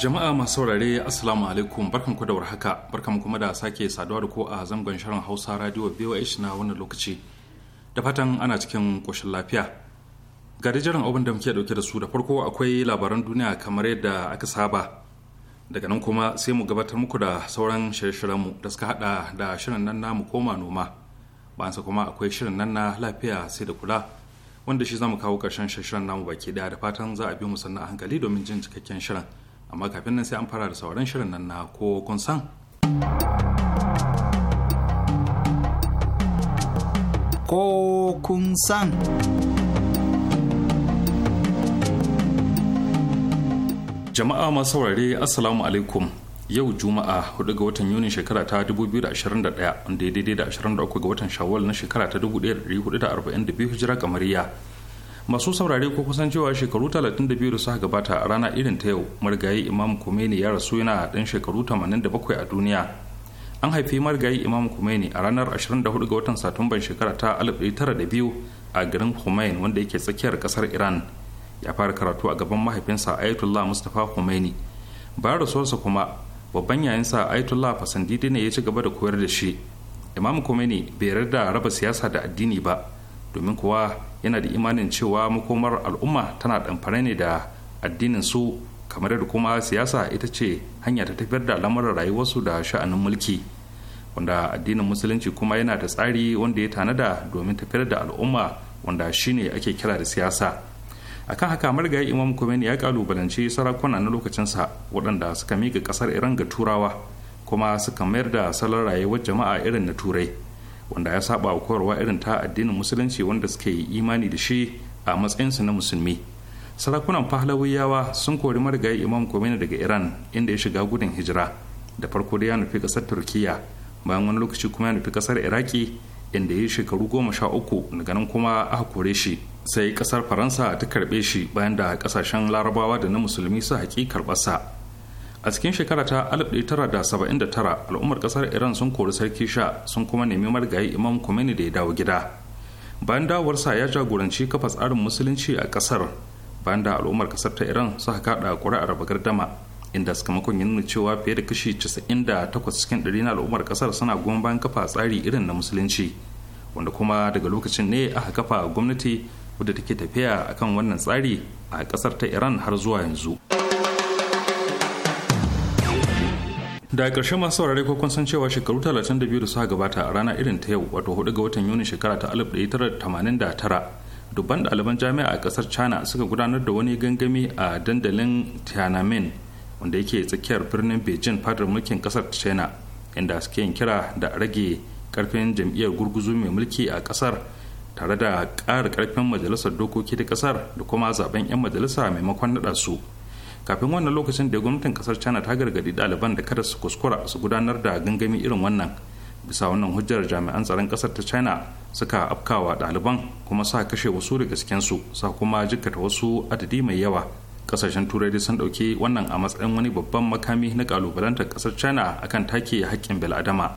Jama'a masu saurare Assalamu alaikum barkan ku da warhaka barkan kuma da sake saduwa da ko a zangon shirin Hausa Radio BOH na wannan lokaci. Da fatan ana cikin koshin lafiya. Ga jiran abin da muke dauke da su da farko akwai labaran duniya kamar yadda aka saba. Daga nan kuma sai mu gabatar muku da sauran shirye-shiryenmu da suka hada da shirin nan namu koma noma. sa kuma akwai shirin nan na lafiya sai da kula wanda shi zamu kawo karshen shirin namu baki daya da fatan za a bi mu sannan a hankali domin jin cikakken shirin. amma kafin nan sai an fara da sauran shirin nan na ko kun san ko kun san jama'a masu saurare assalamu alaikum yau juma'a 4 ga watan yuni shekara ta 2021 wanda ya daidai da 23 ga watan shawwal na shekara ta 1442 hijira kamariya masu saurare ko kusan cewa shekaru 32 da suka gabata a rana irin ta yau marigayi imam kumeni ya rasu yana dan shekaru 87 a duniya an haifi marigayi imam kumeni a ranar 24 ga watan satumban shekara ta 1902 a garin Khomein wanda yake tsakiyar kasar iran ya fara karatu a gaban mahaifinsa ayatollah mustapha khomeini bayan rasuwarsa kuma babban yayinsa ayatollah fasandidi ne ya ci gaba da koyar da shi imam kumeni bai yarda raba siyasa da addini ba domin kuwa yana da imanin cewa makomar al'umma tana ɗamfare ne da addinin su kamar da kuma siyasa ita ce hanya ta tafiyar da lamarin rayuwarsu da sha'anin mulki wanda addinin musulunci kuma yana da tsari wanda ya tanada domin tafiyar da al'umma wanda shine ake kira da siyasa akan haka marigayi imam Khomeini ya kalubalanci sarakuna na lokacinsa waɗanda suka miƙa ƙasar iran ga turawa kuma suka mayar da salon rayuwar jama'a irin na turai wanda ya saba wa koyarwa irin ta addinin musulunci wanda suke yi imani da shi a matsayinsu na musulmi sarakunan pahlawiyawa sun kori marigayi imam komeni daga iran inda ya shiga gudun hijira da farko da ya nufi kasar turkiya bayan wani lokaci kuma ya nufi kasar iraki inda ya yi shekaru goma sha uku daga nan kuma aka kore shi sai kasar faransa ta karbe shi bayan da kasashen larabawa da na musulmi su haƙi karɓarsa a cikin shekara ta 1979 al'ummar kasar iran sun kori sarki sha sun kuma nemi marigayi imam khomeini da ya dawo gida bayan dawowarsa ya jagoranci kafa tsarin musulunci a kasar bayan da al'ummar kasar ta iran suka kada kuri'ar dama inda sakamakon makon yin cewa fiye da kashi 98 cikin 100 na al'ummar kasar suna goyon bayan kafa tsari irin na musulunci wanda kuma daga lokacin ne aka kafa gwamnati wadda take tafiya akan wannan tsari a kasar ta iran har zuwa yanzu da ƙarshe masu saurare ko kun san cewa shekaru 32 da suka gabata a rana irin ta yau wato hudu ga watan yuni shekara ta 1989 dubban ɗaliban jami'a a ƙasar china suka gudanar da wani gangami a dandalin tiananmen wanda yake tsakiyar birnin beijing fadar mulkin ƙasar china inda suke yin kira da rage karfin jam'iyyar gurguzu mai mulki a ƙasar tare da ƙara karfin majalisar dokoki ta ƙasar da kuma zaben 'yan majalisa maimakon naɗa su kafin wannan lokacin da gwamnatin kasar china ta gargadi ɗaliban da kada su kuskura su gudanar da gangami irin wannan bisa wannan hujjar jami'an tsaron kasar ta china suka afkawa ɗaliban kuma sa kashe wasu daga cikinsu sa kuma jikkata wasu adadi mai yawa kasashen turai sun ɗauki wannan a matsayin wani babban makami na kalubalantar kasar china akan take haƙƙin bil'adama. adama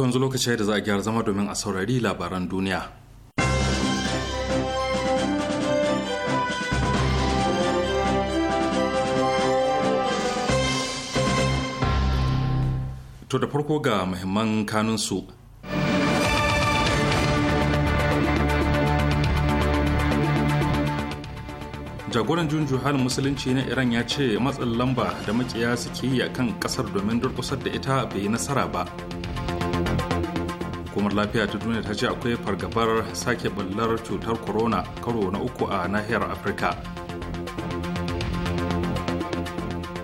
To yanzu lokaci da za a gyara zama domin a saurari labaran duniya. To da farko ga muhimman kanunsu. jagoran junju halin musulunci na iran ya ce matsin lamba da makiya suke yi a kan kasar domin durkusar da ita bai yi nasara ba hukumar lafiya ta duniya ta ce akwai fargabar sake bullar cutar corona karo na uku a nahiyar afirka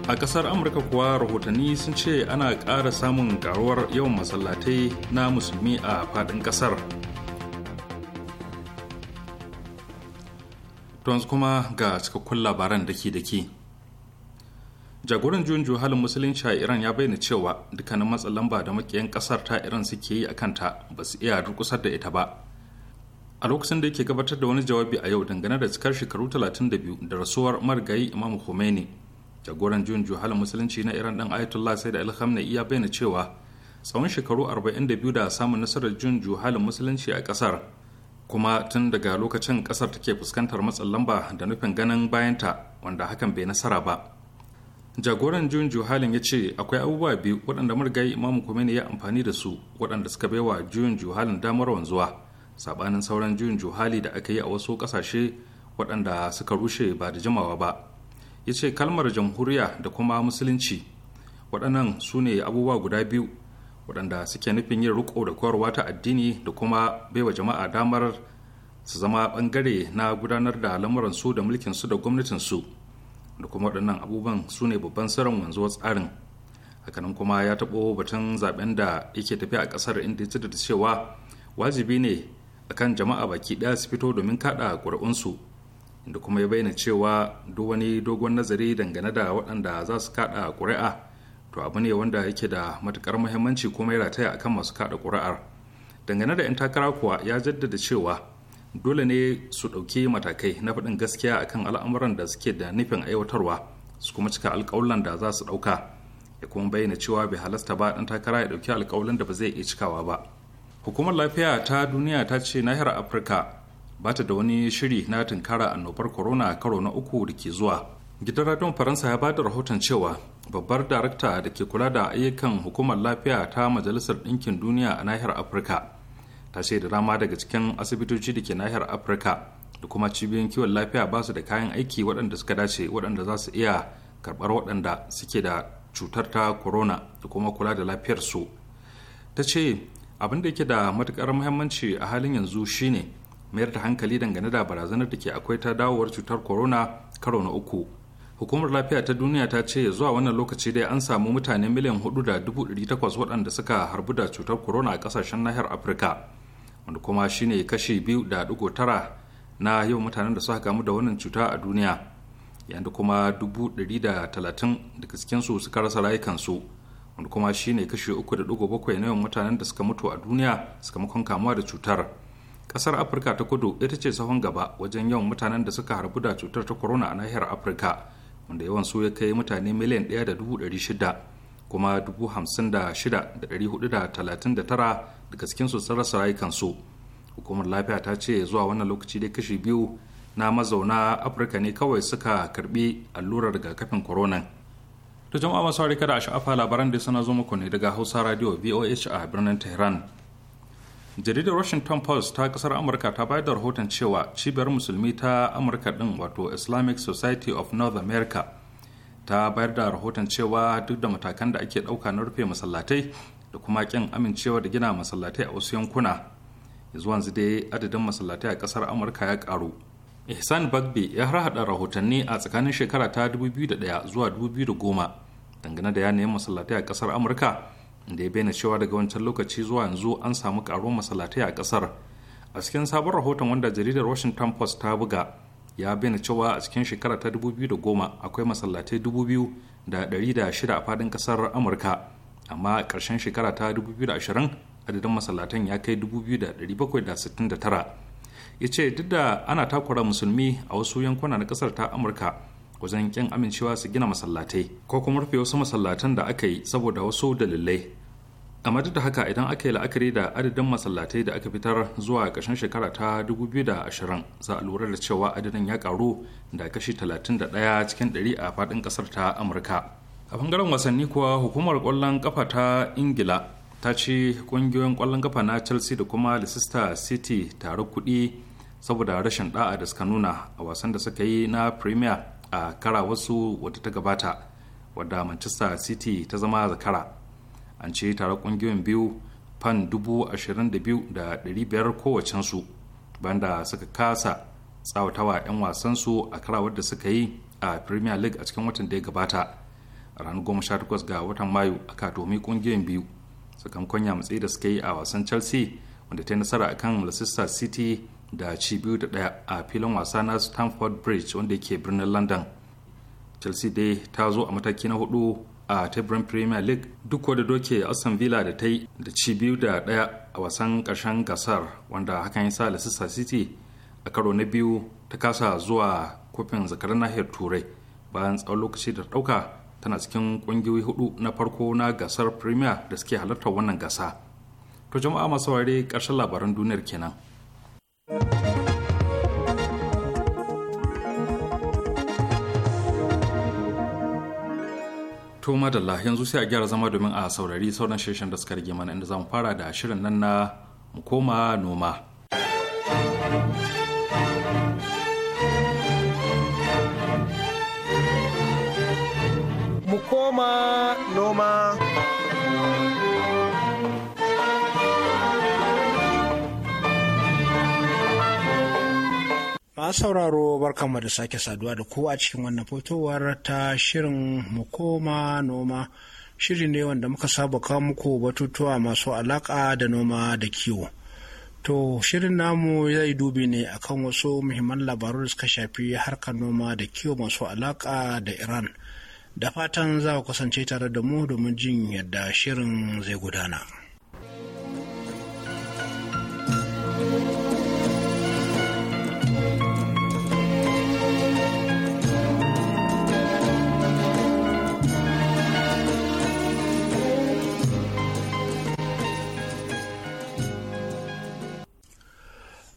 a kasar amurka kuwa rahotanni sun ce ana ƙara samun karuwar yawan masallatai na musulmi a faɗin ƙasar tons kuma ga cikakkun labaran daki-daki jagoran junju halin musulunci a iran ya bayyana cewa dukkanin matsa lamba da makiyan kasar ta iran suke yi a kanta ba su iya durkusar da ita ba a lokacin da yake gabatar da wani jawabi a yau dangane da cikar shekaru 32 da rasuwar marigayi imam khomeini jagoran junju halin musulunci na iran dan ayatollah sai da alhamna ya bayyana cewa tsawon shekaru 42 da samun nasarar junju halin musulunci a kasar kuma tun daga lokacin kasar take fuskantar matsin lamba da nufin ganin bayanta wanda hakan bai nasara ba jagoran juyin juhalin ya ce akwai abubuwa biyu waɗanda murgai imamu ne ya amfani da su waɗanda suka baiwa juyin juhalin damar wanzuwa sabanin sauran juyin juhali da aka yi a wasu ƙasashe waɗanda suka rushe ba da jimawa ba ya ce kalmar jamhuriya da kuma musulunci waɗannan su ne abubuwa guda biyu waɗanda suke nufin yin riko da koyarwa ta addini da kuma baiwa jama'a damar su zama ɓangare na gudanar da lamuransu da mulkinsu da gwamnatinsu da kuma waɗannan abubuwan su ne babban sirrin wanzuwar tsarin hakanan kuma ya taɓo batun zaben da yake tafiya a ƙasar inda ya da cewa wajibi ne a kan jama'a baki ɗaya su fito domin kaɗa ƙuri'unsu inda kuma ya bayyana cewa duk wani dogon nazari dangane da waɗanda za su kaɗa ƙuri'a to abu ne wanda yake da matuƙar muhimmanci kuma ya rataya akan masu kaɗa ƙuri'ar dangane da 'yan takara kuwa ya jaddada cewa dole ne su ɗauki matakai na faɗin gaskiya akan al'amuran da suke da nufin aiwatarwa su kuma cika alƙawulan da za su ɗauka ya kuma bayyana cewa bai halasta ba ɗan takara ya ɗauki alƙawulan da ba zai iya cikawa ba hukumar lafiya ta duniya ta ce nahiyar afirka ba ta da wani shiri na tunkara annobar corona karo na uku da ke zuwa gidan radon faransa ya ba da rahoton cewa babbar darakta da ke kula da ayyukan hukumar lafiya ta majalisar ɗinkin duniya a nahiyar afirka ta ce da dama daga cikin asibitoci da ke nahiyar afirka da kuma cibiyoyin kiwon lafiya ba su da kayan aiki waɗanda suka dace waɗanda za su iya karɓar waɗanda suke da cutar ta corona da kuma kula da lafiyarsu ta ce abin da yake da matukar muhimmanci a halin yanzu shine mayar da hankali dangane da barazanar da ke akwai ta dawowar cutar corona karo na uku hukumar lafiya ta duniya ta ce zuwa wannan lokaci dai an samu mutane miliyan hudu da dubu takwas waɗanda suka harbu da cutar corona a kasashen nahiyar afirka wanda kuma shine kashi biyu da dugo tara na yawan mutanen da suka kamu da wannan cuta a duniya yanda kuma dubu ɗari da talatin daga cikinsu suka rasa rayukansu wanda kuma shine kashi uku da dugo bakwai na yawan mutanen da suka mutu a duniya sakamakon kamuwa da cutar kasar afirka ta kudu ita ce sahon gaba wajen yawan mutanen da suka harbu da cutar ta corona a nahiyar afirka wanda yawan su ya kai mutane miliyan ɗaya da dubu ɗari shida kuma dubu hamsin da shida da ɗari hudu da talatin da tara daga cikinsu sun rasa rayukansu hukumar lafiya ta ce zuwa wannan lokaci dai kashi biyu na mazauna afirka ne kawai suka karbi allurar rigakafin corona to jama'a masu harika da sha'afa labaran da suna zo muku ne daga hausa radio voh a birnin tehran jaridar washington post ta kasar amurka ta bayar da rahoton cewa cibiyar musulmi ta amurka din wato islamic society of north america ta bayar da rahoton cewa duk da matakan da ake ɗauka na rufe masallatai da kuma kin amincewa da gina masallatai a wasu yankuna yanzu wanzu dai adadin masallatai a kasar amurka ya karu ihsan bagbe ya harhaɗa rahotanni a tsakanin shekara ta 2001 zuwa 2010 dangane da yanayin masallatai a kasar amurka da ya bayyana cewa daga wancan lokaci zuwa yanzu an samu karuwar masallatai a kasar a cikin sabon rahoton wanda jaridar washington post ta buga ya bayyana cewa a cikin shekara ta 2010 akwai masallatai shida a fadin kasar amurka amma a ƙarshen shekara ta 2020 adadin masallatan ya kai 2,769 ya ce duk da ana takura musulmi a wasu yankuna na ƙasar ta amurka wajen ƙin amincewa su gina masallatai ko kuma rufe wasu masallatan da aka yi saboda wasu dalilai amma duk da haka idan aka yi la'akari da adadin masallatai da aka fitar zuwa ƙarshen shekara ta 2020 za a lura da cewa adadin ya karu da kashi 31 cikin 100 a faɗin ƙasar ta amurka a bangaren wasanni kuwa hukumar kwallon kafa ta ingila ta ci kungiyoyin kwallon kafa na chelsea da kuma leicester city tare kudi saboda rashin da'a da suka nuna a wasan da suka yi na premier a kara wasu wadda ta gabata wadda manchester city ta zama zakara an ce tare kungiyoyin biyu fan dubu ashirin da biyu da ɗari kowacensu banda suka kasa tsawatawa 'yan wasansu a karawar da suka yi a premier league a cikin watan da ya gabata a ranar takwas ga watan mayu aka tuhumi kungiyoyin biyu sakamakon ya matsayi da suka yi a wasan chelsea wanda ta yi nasara akan leicester city da ci biyu da daya a filin wasa na stamford bridge wanda ke birnin london chelsea dai ta zo a mataki na hudu a teburin premier league duk wadda doke aston villa da ta yi da ci biyu da daya a wasan karshen gasar wanda hakan ya sa leicester city a karo na biyu ta kasa zuwa kofin zakarar nahiyar turai bayan tsawon lokaci da ɗauka tana cikin ƙungiyoyi hudu na farko na gasar premier da suke halartar wannan gasa to jama'a masu ware ƙarshen labaran duniyar kenan to madalla yanzu sai a gyara zama domin a saurari sauran shirin da suka rage mana inda zamu fara da shirin nan na mu koma noma noma noma. Masu sauraro barkanmu da sake saduwa da kowa cikin wannan fitowar ta shirin mu koma noma. Shiri ne wanda muka saba kawo muku batutuwa masu alaƙa da noma da kiwo. To shirin namu zai dubi ne akan wasu muhimman labaru da suka shafi harkar noma da kiwo masu alaƙa da Iran. da fatan za ku kasance tare da mu domin jin yadda shirin zai gudana.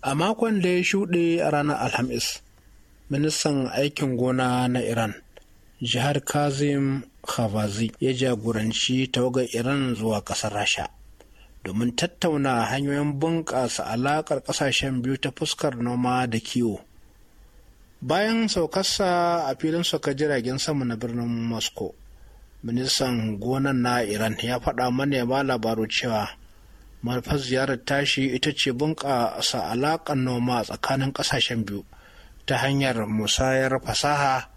A makon da ya shuɗe a ranar Alhamis, ministan aikin gona na Iran. jihar kazim khavazi ya jagoranci tawagar iran zuwa ƙasar rasha domin tattauna hanyoyin bunƙasa alaƙar ƙasashen biyu ta fuskar noma da kiwo bayan saukarsa a filin soka jiragen sama na birnin moscow ministan gonan na iran ya faɗa ba labaru cewa manufar ziyarar tashi ita ce bunƙasa alaƙar noma tsakanin ƙasashen biyu ta hanyar musayar fasaha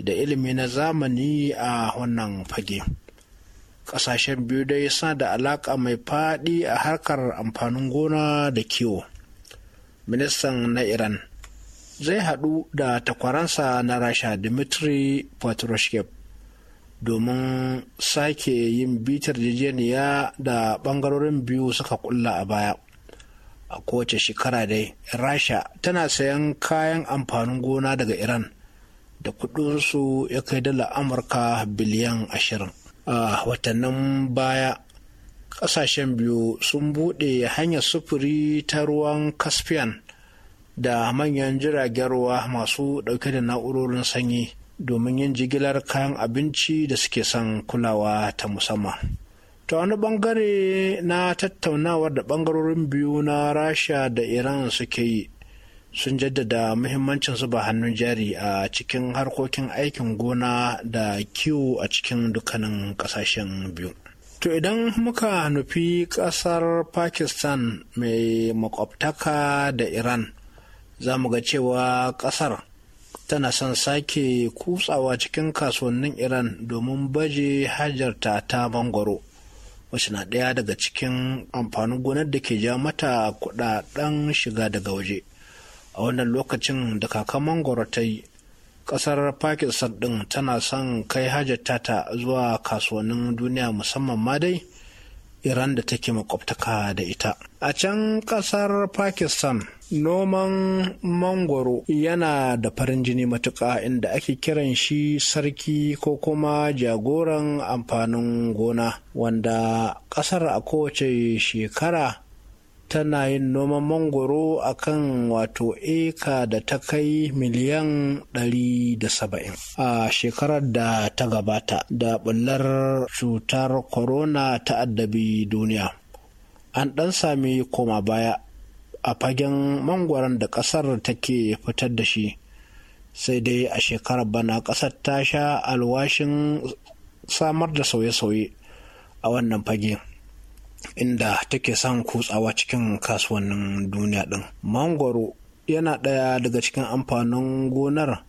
da ilimi na zamani a wannan fage ƙasashen biyu dai suna da alaƙa mai faɗi a harkar amfanin gona da kiwo ministan na iran zai haɗu da takwaransa na rasha dmitry patrushev domin sake yin bitar jijeniya da ɓangarorin biyu suka kulla a baya a kowace shekara dai rasha tana sayan kayan amfanin gona daga iran da kudinsu ya kai dala amurka biliyan ashirin a watannin baya kasashen biyu sun buɗe hanyar sufuri ta ruwan caspian da manyan jiragen ruwa masu ɗauke da na'urorin sanyi domin yin jigilar kayan abinci da suke son kulawa ta musamman ta wani bangare na tattaunawar da bangarorin biyu na rasha da iran suke yi sun jaddada muhimmancin zuba hannun jari a cikin harkokin aikin gona da kiwo a cikin dukkanin kasashen biyu. To idan muka nufi ƙasar Pakistan mai makwabtaka da Iran, za mu ga cewa ƙasar tana son sake kutsawa cikin kasuwannin Iran domin baje hajarta ta bangoro. wacce na ɗaya daga cikin amfanin gonar da ke ja mata kuɗaɗen shiga daga waje. a wannan lokacin da kakan mangoro ta yi kasar pakistan din tana son kai hajjata ta zuwa kasuwannin duniya musamman ma dai iran da take makwabtaka da ita a can kasar pakistan noman mangoro yana da farin jini matuka inda ake kiran shi sarki ko kuma jagoran amfanin gona wanda kasar a kowace shekara tana yin noman mangoro a kan wato eka da ta kai miliyan 170 a shekarar da ta gabata da bullar cutar corona ta addabi duniya an ɗan sami koma baya a fagen mangoron da ƙasar take fitar da shi sai dai a shekarar bana ƙasar ta sha alwashin samar da sauye-sauye a wannan fage. inda take son kutsawa cikin kasuwannin duniya ɗin. Mangoro yana ɗaya daga cikin amfanin gonar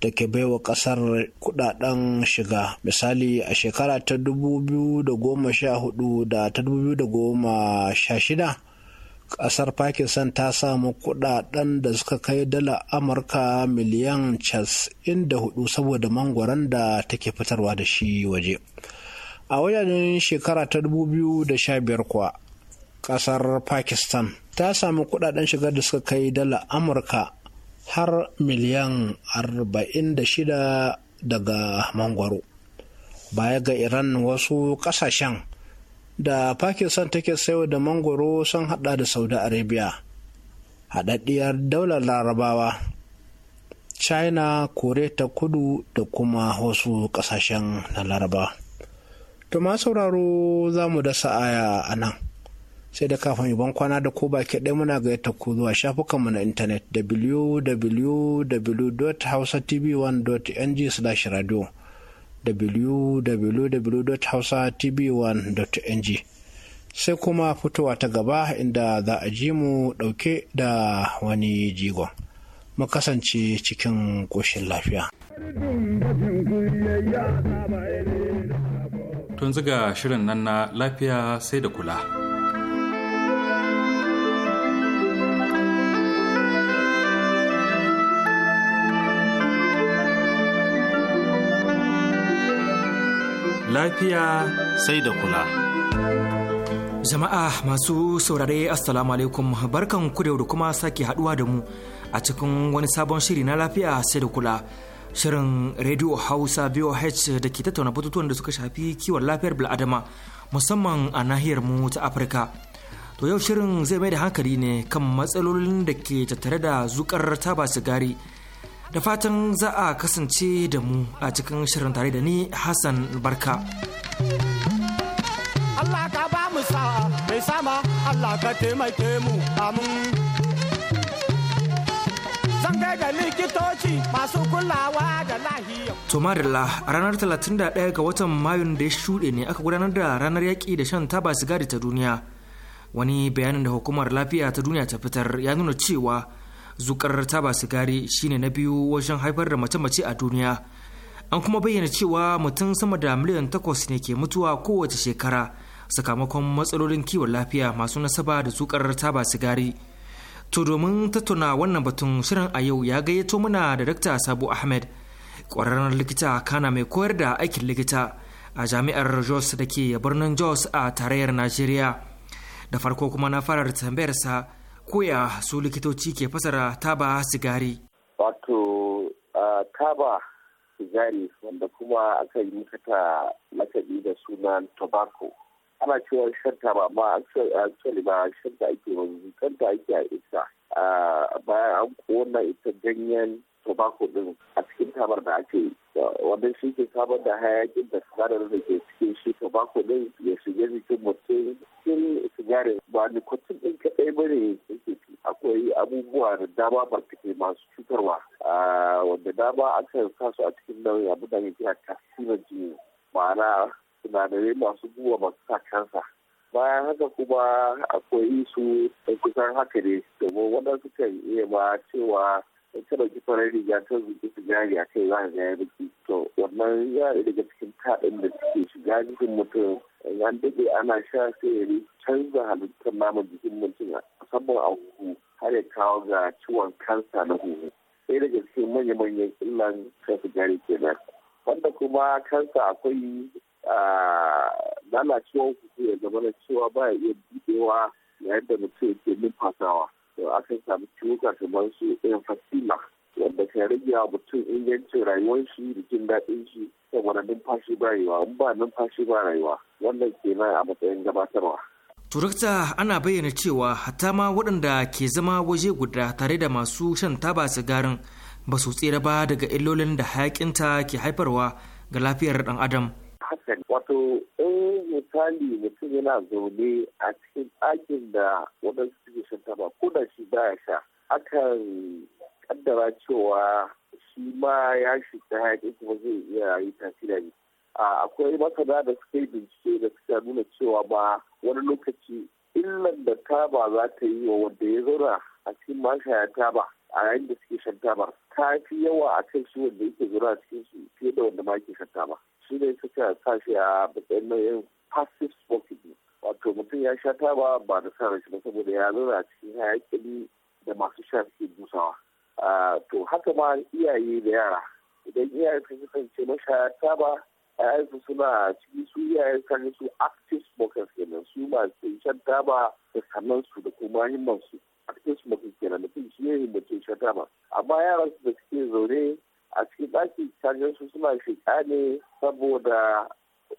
da ke baiwa ƙasar kudaden shiga misali a shekara ta 2014 da ta 2016 ƙasar pakistan ta samu kudaden da suka kai dala amurka miliyan 94 saboda mangwaron da take fitarwa da shi waje. a wajen shekara ta da sha biyar kuwa kasar pakistan ta sami kudaden shigar da suka kai dala amurka har miliyan 46 daga mangwaro baya ga iran wasu kasashen da pakistan take sayo da mangwaro sun hada da saudi arabia haɗaɗɗiyar daular larabawa china kore ta kudu da kuma wasu ƙasashen na larabawa to ma sauraro za mu dasa aya a nan sai da kafin ban kwana da ko baki ɗaya muna gayyata ku zuwa shafukanmu na intanet www.hausatv1.ng radio www.hausatv1.ng sai kuma fitowa ta gaba inda za a ji mu ɗauke da wani jigon mu kasance cikin ƙoshin lafiya. tun ziga shirin nan na lafiya sai da kula. Lafiya sai da kula. Jama'a masu saurare Assalamu alaikum barkan ku da kuma sake haduwa da mu a cikin wani sabon shiri na lafiya sai da kula. shirin radio hausa voh da ke tattauna batutuwan da suka shafi kiwon lafiyar bil'adama musamman a nahiyar mu ta afirka to yau shirin zai mai da hankali ne kan matsalolin da ke tattare da zukar taba sigari da fatan za a kasance da mu a cikin shirin tare da ni hassan barka Allah ka ba mu sa'a mai sama Allah ka taimake mu amin toma da likitoci masu kulawa da Tomarilla a ranar 31 ga watan Mayun da ya shuɗe ne aka gudanar da ranar yaƙi da shan taba sigari ta duniya. Wani bayanin da hukumar lafiya ta duniya ta fitar ya nuna cewa zukar taba sigari shine na biyu wajen haifar da mace-mace a duniya. An kuma bayyana cewa mutum sama da miliyan takwas ne ke mutuwa kowace shekara sakamakon matsalolin kiwon lafiya masu nasaba da zukar taba sigari. To domin tattauna wannan batun shirin a yau ya gayyato mana da Dr. sabu Ahmed, ƙwararren likita kana mai koyar da aikin likita a jami'ar Jos da ke birnin Jos a tarayyar Najeriya. Da farko kuma na fara tambayarsa koya su likitoci ke fasara taba sigari. Wato taba sigari wanda kuma aka yi mata lakabi da sunan tobacco. ana cewa shanta ba ma actually ba shanta ake wani ta ake a ita bayan an kowanne ita ganyen tobacco din a cikin tabar da ake wannan shi ke samar da hayakin da sigarar da ke cikin shi tobacco din ya shige jikin mutum cikin sigarar ba kwatin din kadai ba ne akwai abubuwa da dama barkatai masu cutarwa wanda dama akan sa su a cikin nauyin abu da ya kira kasirar jini ma'ana sinadarai masu guba masu sa kansa bayan haka kuma akwai su da kusan haka ne domin waɗansu kan iya ba cewa in ka ɗauki farar riga ta zuƙi sigari a kai za ka gaya da biki to wannan ya daga cikin taɗin da suke shiga jikin mutum yan daɗe ana sha sai ya canza halittar naman jikin mutum musamman a huhu har ya kawo ga ciwon kansa na huhu ɗaya daga cikin manya-manyan illan ta sigari kenan wanda kuma kansa akwai lalacewar kuku ya zama da cewa ba ya iya buɗewa na yadda mutum yake numfasawa to a kan sami ciwuka kamar su irin fasila wanda kan rage wa mutum ingancin rayuwar shi da jin daɗin shi saboda numfashi ba rayuwa in ba numfashi ba rayuwa wannan na a matsayin gabatarwa. turakta ana bayyana cewa hatta ma waɗanda ke zama waje guda tare da masu shan taba sigarin ba su tsira ba daga illolin da hayakinta ke haifarwa ga lafiyar ɗan adam. hassan wato ɗan misali mutum yana zaune a cikin ɗakin da waɗansu suke shan taba ko da shi baya sha akan kaddara cewa shi ma ya shiga hayaƙin kuma zai iya yi tasiri ne akwai masana da suka yi bincike da suka nuna cewa ba wani lokaci illan da taba za ta yi wa wanda ya zauna a cikin mashaya taba a yayin da suke shan taba ta fi yawa a kan shi wanda yake zura a cikin su fiye da wanda ma ke shan taba. su ne suka sa shi a matsayin nau'in passive smoking wato mutum ya sha taba ba da sa rashin ba saboda ya zauna a cikin hayakin da masu sha suke busawa to haka ma iyaye da yara idan iyaye sun kasance mashaya taba ‘ya'yansu suna ciki su iyaye kan su active smokers kenan su masu shan taba da sannan su da kuma himmansu active smokers kenan mutum shi ne mutum shan taba amma yaran su da suke zaune a cikin ɗaki kaga su suna shiga ne saboda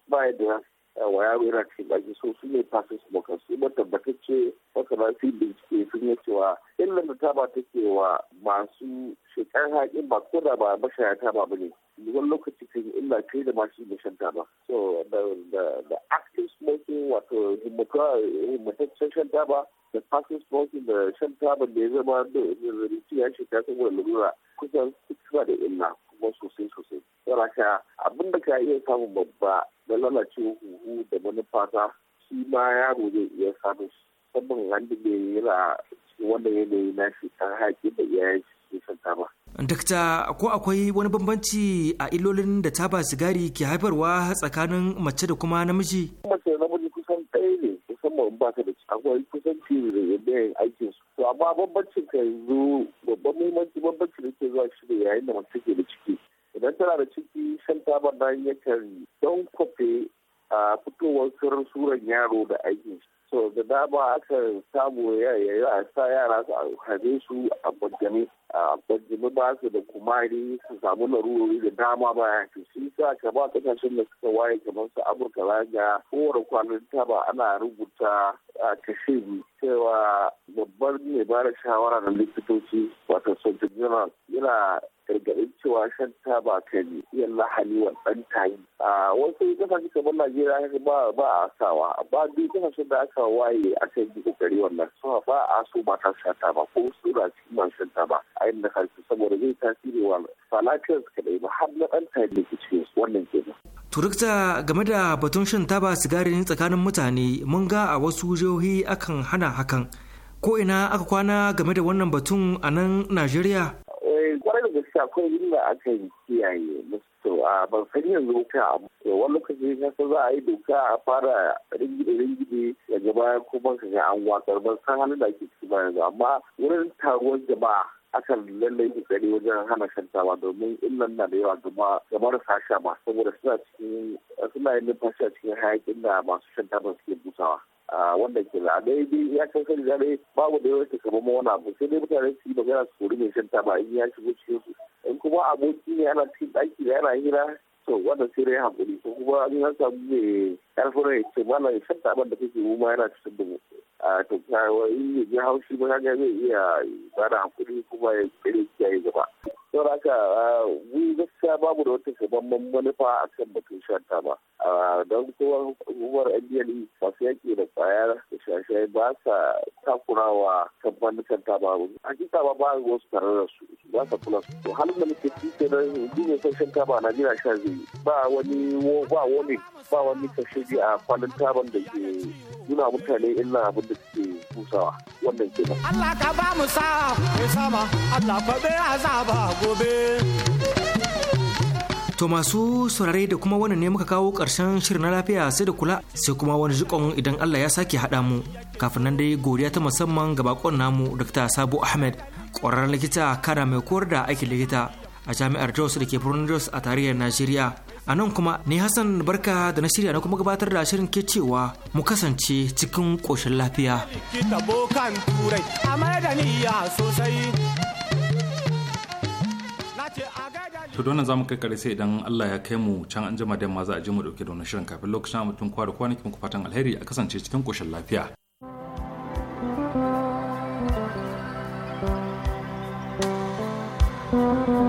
baya da eh, wa yaro yana cikin ɗaki so su ne fasin smokers su tabbatacce masana fi bincike sun yi cewa illar da taba take wa masu shekar haƙin ba ko da ba mashaya taba ba ne wani lokaci kan illa kai da masu da shan taba so da active smoking wato eh, himmataccen shan taba da fasin smoking da shan taban da ya zama da zazzabin ya shiga saboda lalura kusan suna da illa kuma sosai sosai ka abin da ka iya samun babba da lalacewa huhu da manufa ta shi ma yaro zai iya samun shi saboda wanda bai yana wanda ya yanayi na shi kan haƙi da iyayen shi shan taba. Dakta ko akwai wani bambanci a ilolin da taba sigari ke haifarwa tsakanin mace da kuma namiji? Mace namiji kusan ɗaya ne musamman in baka da akwai kusanci da yin aikin su to amma bambancin ka yanzu babban muhimmanci bambancin da ke zuwa shi ne yayin da mace ke da ciki idan tana da ciki shan taba nan yakan don kwafe a fitowar sirrin suran yaro da aikin shi so da dama aka samu ya sa yara su hane su a bajjame a ba su da kumari su samu larurori da dama ba ya fi shi sa ka ba kasashen da suka waye kamar su amurka ga kowane kwanan taba ana rubuta a kashe cewa babbar mai ba da shawara na likitoci wato surgeon yana gargaɗin cewa shan taba kan iya lahani wa ɗan tayi. A wasu kasashe kamar Najeriya haka ba ba a sawa ba duk kasashen da aka waye aka yi kokari wannan sawa ba a so mata sha taba ko su na cikin ma shan taba a inda da saboda zai tasiri wa falakiyar su kaɗai ba har na ɗan tayi ne ke cikin wannan kenan. Turukta game da batun shan taba sigari tsakanin mutane mun ga a wasu jihohi akan hana hakan. ko ina aka kwana game da wannan batun a nan Najeriya? akwai da aka yi kiyaye musu a ban san yanzu wuta a wani lokaci kasa za a yi doka a fara ringide ringide ya gaba kuma ka ga an ban san hannun da ake ciki bayan yanzu amma wurin taruwar jama'a akan lallai tsari wajen hana shantawa domin illan na da yawa gama ga marasa sha saboda suna cikin suna yin numfashi a cikin hayakin da masu shantawa suke busawa. wanda ke dai daidai ya kai kan gare babu da yawa ke kama wani abu sai dai mutane su yi magana su kori mai shan ba in ya shigo cikin su in kuma aboki ne ana cikin daki da yana hira to wanda sai dai hakuri ko kuma an samu mai karfin rai ce mana shan taban da kake mu ma yana cikin da a tattawa wani ya ji haushi ba ga zai iya bada hankuri kuma ya ya yi gaba don haka mu gaskiya babu da wata shabamman manufa a kan batun shan taba don kuma hukumar ndl e masu yake da kwayar da shashai ba sa takurawa kamfanin a taba hakika ba ba wasu tare da su ba sa kula su to halin da muke cike da gini son shan taba na jira sha zai ba wani ba wani ba wani kashe a kwalin taban da ke nuna mutane ina abin da suke kusawa wannan ke Allah ka ba mu sa mai sama Allah ka bai azaba gobe. To masu saurare da kuma wannan ne muka kawo ƙarshen shirin na lafiya sai da kula sai kuma wani jikon idan Allah ya sake haɗa mu. Kafin nan dai godiya ta musamman ga bakon namu Dr. Sabo Ahmed, ƙwararren likita kada mai koyar da aikin likita a jami'ar Jos da ke Jos a tarihin Najeriya. A nan kuma ni Hassan barka da na shirya na kuma gabatar da shirin ke cewa mu kasance cikin ƙoshin lafiya. to don za mu kai kare sai idan Allah ya kai mu can an jima da ma za a je mu dauke da wani shirin kafin lokacin mutum kwa da kwanaki muku fatan alheri a kasance cikin koshin lafiya thank you